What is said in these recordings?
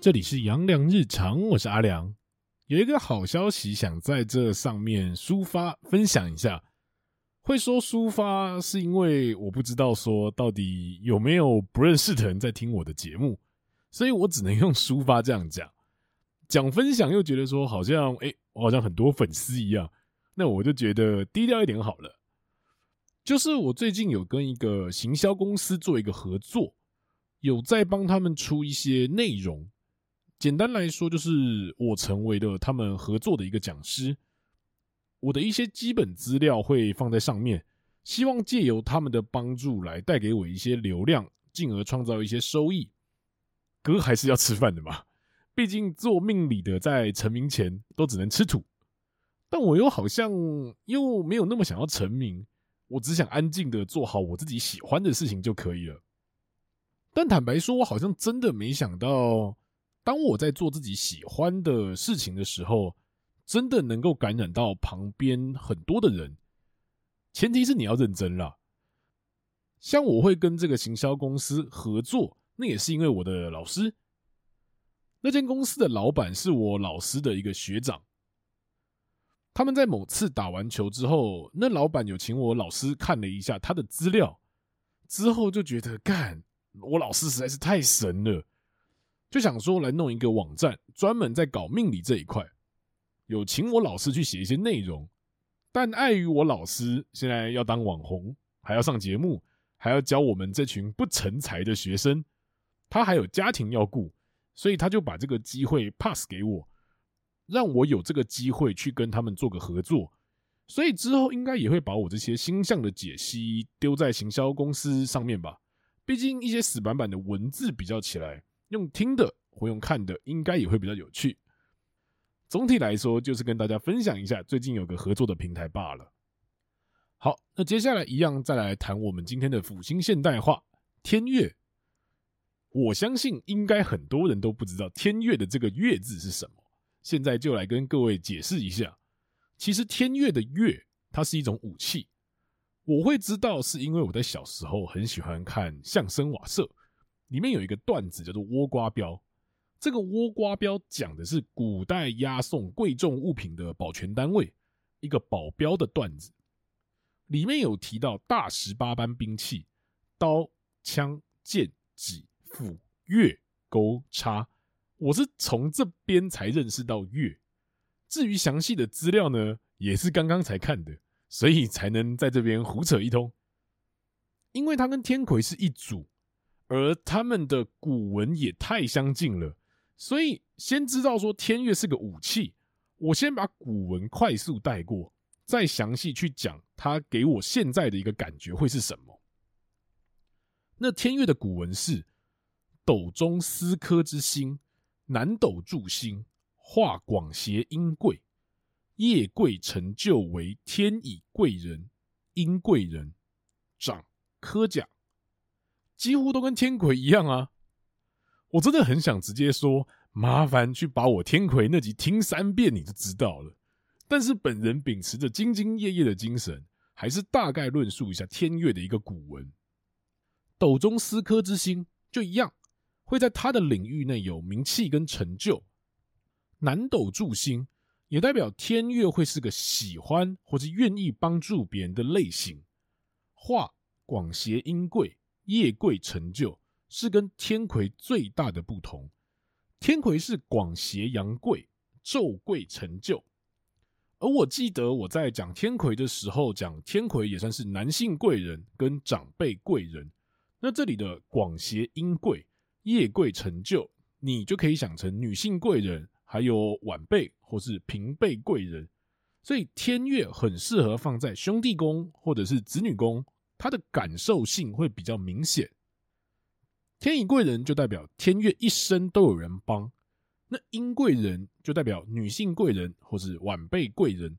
這裡是陽光日常，我是阿良。有一個好消息想在這上面抒發分享一下。會說抒發，是因為我不知道說到底有沒有不認識的人在聽我的節目，所以我只能用抒發這樣講。講分享又覺得說好像，哎，我好像很多粉絲一樣，那我就覺得低調一點好了。就是我最近有跟一個行銷公司做一個合作，有在幫他們出一些內容。簡單來說，就是我成為了他們合作的一個講師，我的一些基本資料會放在上面，希望借由他們的幫助來帶給我一些流量，進而創造一些收益。哥還是要吃飯的嘛，畢竟做命理的在成名前都只能吃土，但我又好像又沒有那麼想要成名，我只想安靜的做好我自己喜歡的事情就可以了。但坦白說，我好像真的沒想到。當我在做自己喜歡的事情的時候，真的能夠感染到旁邊很多的人，前提是你要認真啦。像我會跟這個行銷公司合作，那也是因為我的老師。那間公司的老闆是我老師的一個學長，他們在某次打完球之後，那老闆有請我老師看了一下他的資料，之後就覺得幹，我老師實在是太神了。就想說來弄一個網站，專門在搞命理這一塊。有請我老師去寫一些內容，但礙於我老師現在要當網紅，還要上節目，還要教我們這群不成才的學生，他還有家庭要顧，所以他就把這個機會 pass 給我，讓我有這個機會去跟他們做個合作。所以之後應該也會把我這些星象的解析丟在行銷公司上面吧。畢竟一些死板板的文字比較起來。用聽的或用看的，應該也會比較有趣。總體來說，就是跟大家分享一下最近有個合作的平台罷了。好，那接下來一樣再來談我們今天的輔星現代化。天鉞，我相信應該很多人都不知道天鉞的這個“鉞”字是什麼。現在就來跟各位解釋一下，其實天鉞的“鉞”它是一種武器。我會知道，是因為我在小時候很喜歡看相聲瓦舍。裡面有一個段子叫做“倭瓜鏢”，這個“倭瓜鏢”講的是古代押送貴重物品的保全單位——一個保鏢的段子。裡面有提到大十八般兵器：刀、槍、劍、戟、斧、鉞、鈎、叉。我是從這邊才認識到“鉞”。至於詳細的資料呢，也是剛剛才看的，所以才能在這邊胡扯一通。因為他跟天魁是一組。而他們的古文也太相近了，所以先知道說天鉞是個武器。我先把古文快速帶過，再詳細去講它給我現在的一個感覺會是什麼。那天鉞的古文是斗中司科之星，南斗助星化廣協陰貴，夜貴成就為天乙貴人，陰貴人掌科甲。幾乎都跟天魁一樣啊！我真的很想直接說，麻煩去把我天魁那集聽三遍你就知道了。但是本人秉持着兢兢業業的精神，還是大概論述一下天鉞的一個古文。斗中司科之星就一樣，會在他的領域內有名氣跟成就。南斗助星也代表天鉞會是個喜歡或者願意幫助別人的類型。化廣協陰貴，夜貴成就，是跟天魁最大的不同。天魁是廣協陽貴，晝貴成就。而我記得我在講天魁的時候，講天魁也算是男性貴人跟長輩貴人。那這裡的廣協陰貴，夜貴成就，你就可以想成女性貴人，還有晚輩或是平輩貴人。所以天鉞很適合放在兄弟宮或者是子女宮。他的感受性會比較明顯。天乙貴人就代表天鉞一生都有人幫，那陰貴人就代表女性貴人或是晚輩貴人，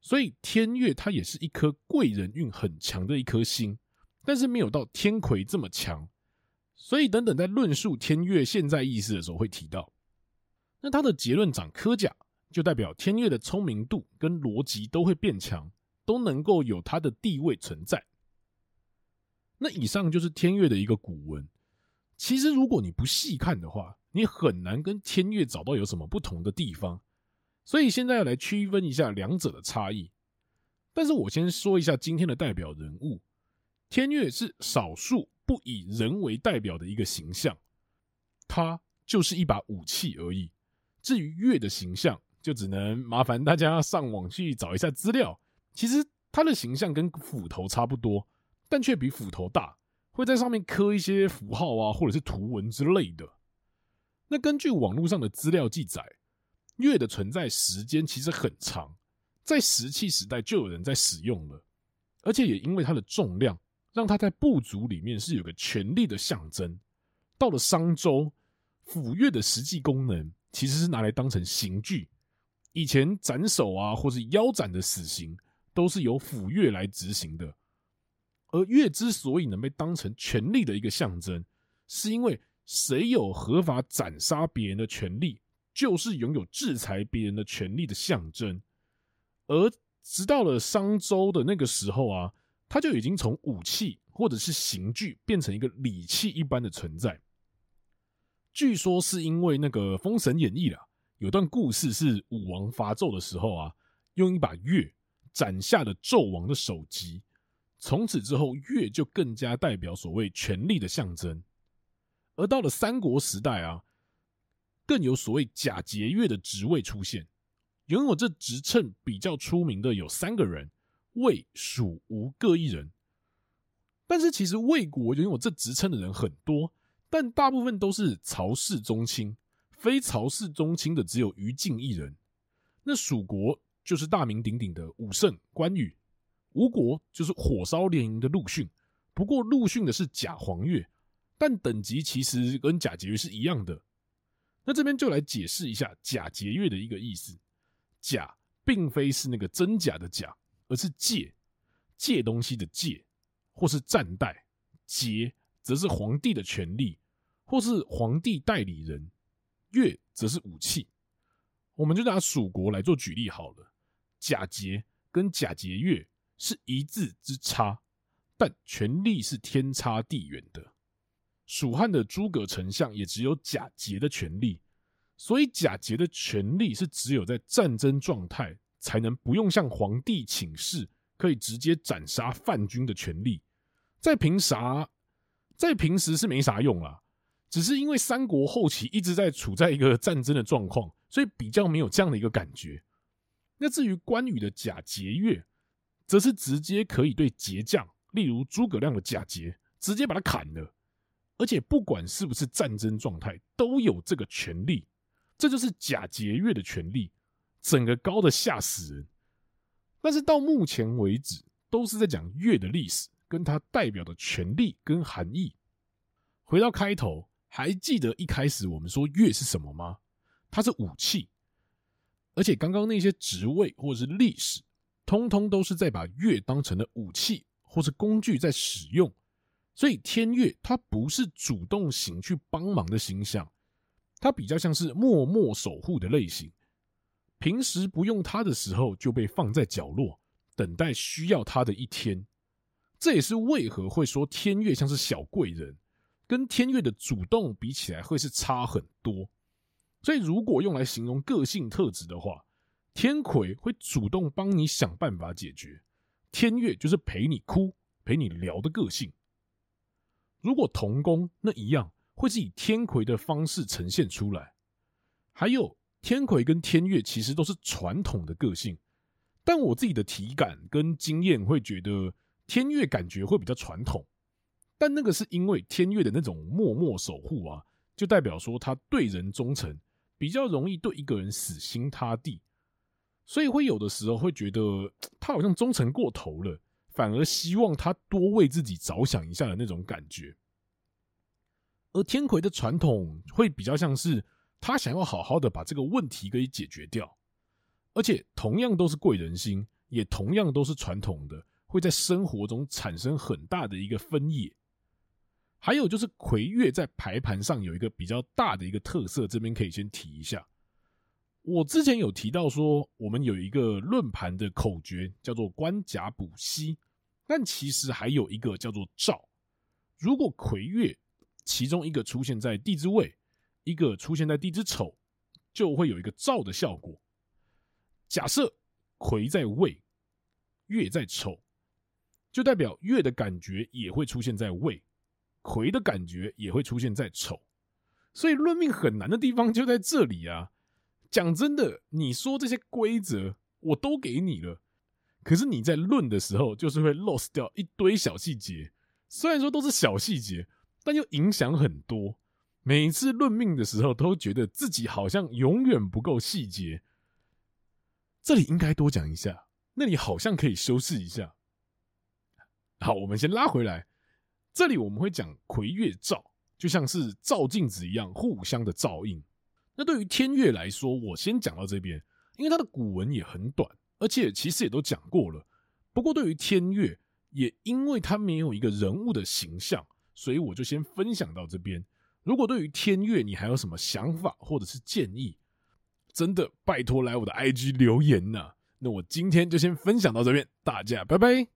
所以天鉞他也是一顆貴人運很強的一顆星，但是沒有到天魁這麼強。所以等等在論述天鉞現在意思的時候會提到，那他的結論掌科甲就代表天鉞的聰明度跟邏輯都會變強，都能夠有他的地位存在。那以上就是天鉞的一個古文。其實如果你不細看的話，你很難跟天鉞找到有什麼不同的地方。所以現在要來區分一下兩者的差異。但是我先說一下今天的代表人物，天鉞是少數不以人為代表的一個形象，它就是一把武器而已。至於鉞的形象，就只能麻煩大家上網去找一下資料。其實它的形象跟斧頭差不多。但卻比斧頭大，會在上面刻一些符號啊，或者是圖文之類的。那根據網絡上的資料記載，鉞的存在時間其實很長，在石器時代就有人在使用了。而且也因為它的重量，讓它在部族裡面是有個權力的象徵。到了商周，斧鉞的實際功能其實是拿來當成刑具，以前斬首啊，或是腰斬的死刑，都是由斧鉞來執行的。而鉞之所以能被當成權力的一個象徵，是因為誰有合法斬殺別人的權利，就是擁有制裁別人的權力的象徵。而直到了商周的那個時候啊，它就已經從武器或者是刑具變成一個禮器一般的存在。據說是因為那個《封神演義》啦，有段故事是武王伐紂的時候啊，用一把鉞斬下了紂王的首級。從此之後，鉞就更加代表所謂權力的象徵。而到了三國時代啊，更有所謂假節鉞的職位出現。擁有這職稱比較出名的有三個人，魏、蜀、吳各一人。但是其實魏國擁有這職稱的人很多，但大部分都是曹氏宗親，非曹氏宗親的只有於禁一人。那蜀國就是大名鼎鼎的武聖關羽。吳國就是火燒連營的陸遜，不過陸遜的是假黃鉞，但等級其實跟假節鉞是一樣的。那這邊就來解釋一下“假節鉞”的一個意思。“假”並非是那個真假的“假”，而是借借東西的“借”或是暫代；“節”則是皇帝的權力，或是皇帝代理人；“鉞”則是武器。我們就拿蜀國來做舉例好了，“假節”跟“假節鉞”。是一字之差，但權力是天差地遠的。蜀漢的諸葛丞相也只有假節的權力，所以假節的權力是只有在戰爭狀態才能不用向皇帝請示，可以直接斬殺范軍的權力。在平啥、啊，在平時是沒啥用啊，只是因為三國後期一直在處在一個戰爭的狀況，所以比較沒有這樣的一個感覺。那至於關羽的假節鉞，則是直接可以對節將，例如諸葛亮的假節，直接把他砍了。而且不管是不是戰爭狀態，都有這個權利。這就是假節鉞的權利，整個高的嚇死人。但是到目前為止，都是在講鉞的歷史，跟它代表的權利跟含義。回到開頭，還記得一開始我們說鉞是什麼嗎？它是武器，而且剛剛那些職位或者是歷史。通通都是在把鉞當成了武器或是工具在使用，所以天鉞它不是主動型去幫忙的形象，它比較像是默默守護的類型。平時不用它的時候，就被放在角落，等待需要它的一天。這也是為何會說天鉞像是小貴人，跟天鉞的主動比起來會是差很多。所以如果用來形容個性特質的話，天魁會主動幫你想辦法解決，天鉞就是陪你哭、陪你聊的個性。如果同宮，那一樣會是以天魁的方式呈現出來。還有，天魁跟天鉞其實都是傳統的個性，但我自己的體感跟經驗會覺得，天鉞感覺會比較傳統。但那個是因為天鉞的那種默默守護啊，就代表說他對人忠誠，比較容易對一個人死心塌地。所以會有的時候會覺得他好像忠誠過頭了，反而希望他多為自己着想一下的那種感覺。而天魁的傳統會比較像是他想要好好的把這個問題給解決掉，而且同樣都是貴人星，也同樣都是傳統的，會在生活中產生很大的一個分野。還有就是魁鉞在排盤上有一個比較大的一個特色，這邊可以先提一下。我之前有提到說，我們有一個論盤的口訣，叫做“官甲補西”，但其實還有一個叫做照。如果魁鉞，其中一個出現在地支未，一個出現在地支丑，就會有一個照的效果。假設魁在未，鉞在丑，就代表鉞的感覺也會出現在未，魁的感覺也會出現在丑。所以論命很難的地方就在這裡啊。講真的，你說這些規則我都給你了，可是你在論的時候就是會 lose 掉一堆小細節。雖然說都是小細節，但又影響很多。每一次論命的時候，都覺得自己好像永遠不夠細節。這裡應該多講一下，那裡好像可以修飾一下。好，我們先拉回來。這裡我們會講魁鉞照，就像是照鏡子一樣，互相的照應。那對於天鉞來說，我先講到這邊，因為他的古文也很短，而且其實也都講過了。不過對於天鉞，也因為他沒有一個人物的形象，所以我就先分享到這邊。如果對於天鉞你還有什麼想法或者是建議，真的拜託來我的 IG 留言吶、啊。那我今天就先分享到這邊，大家拜拜。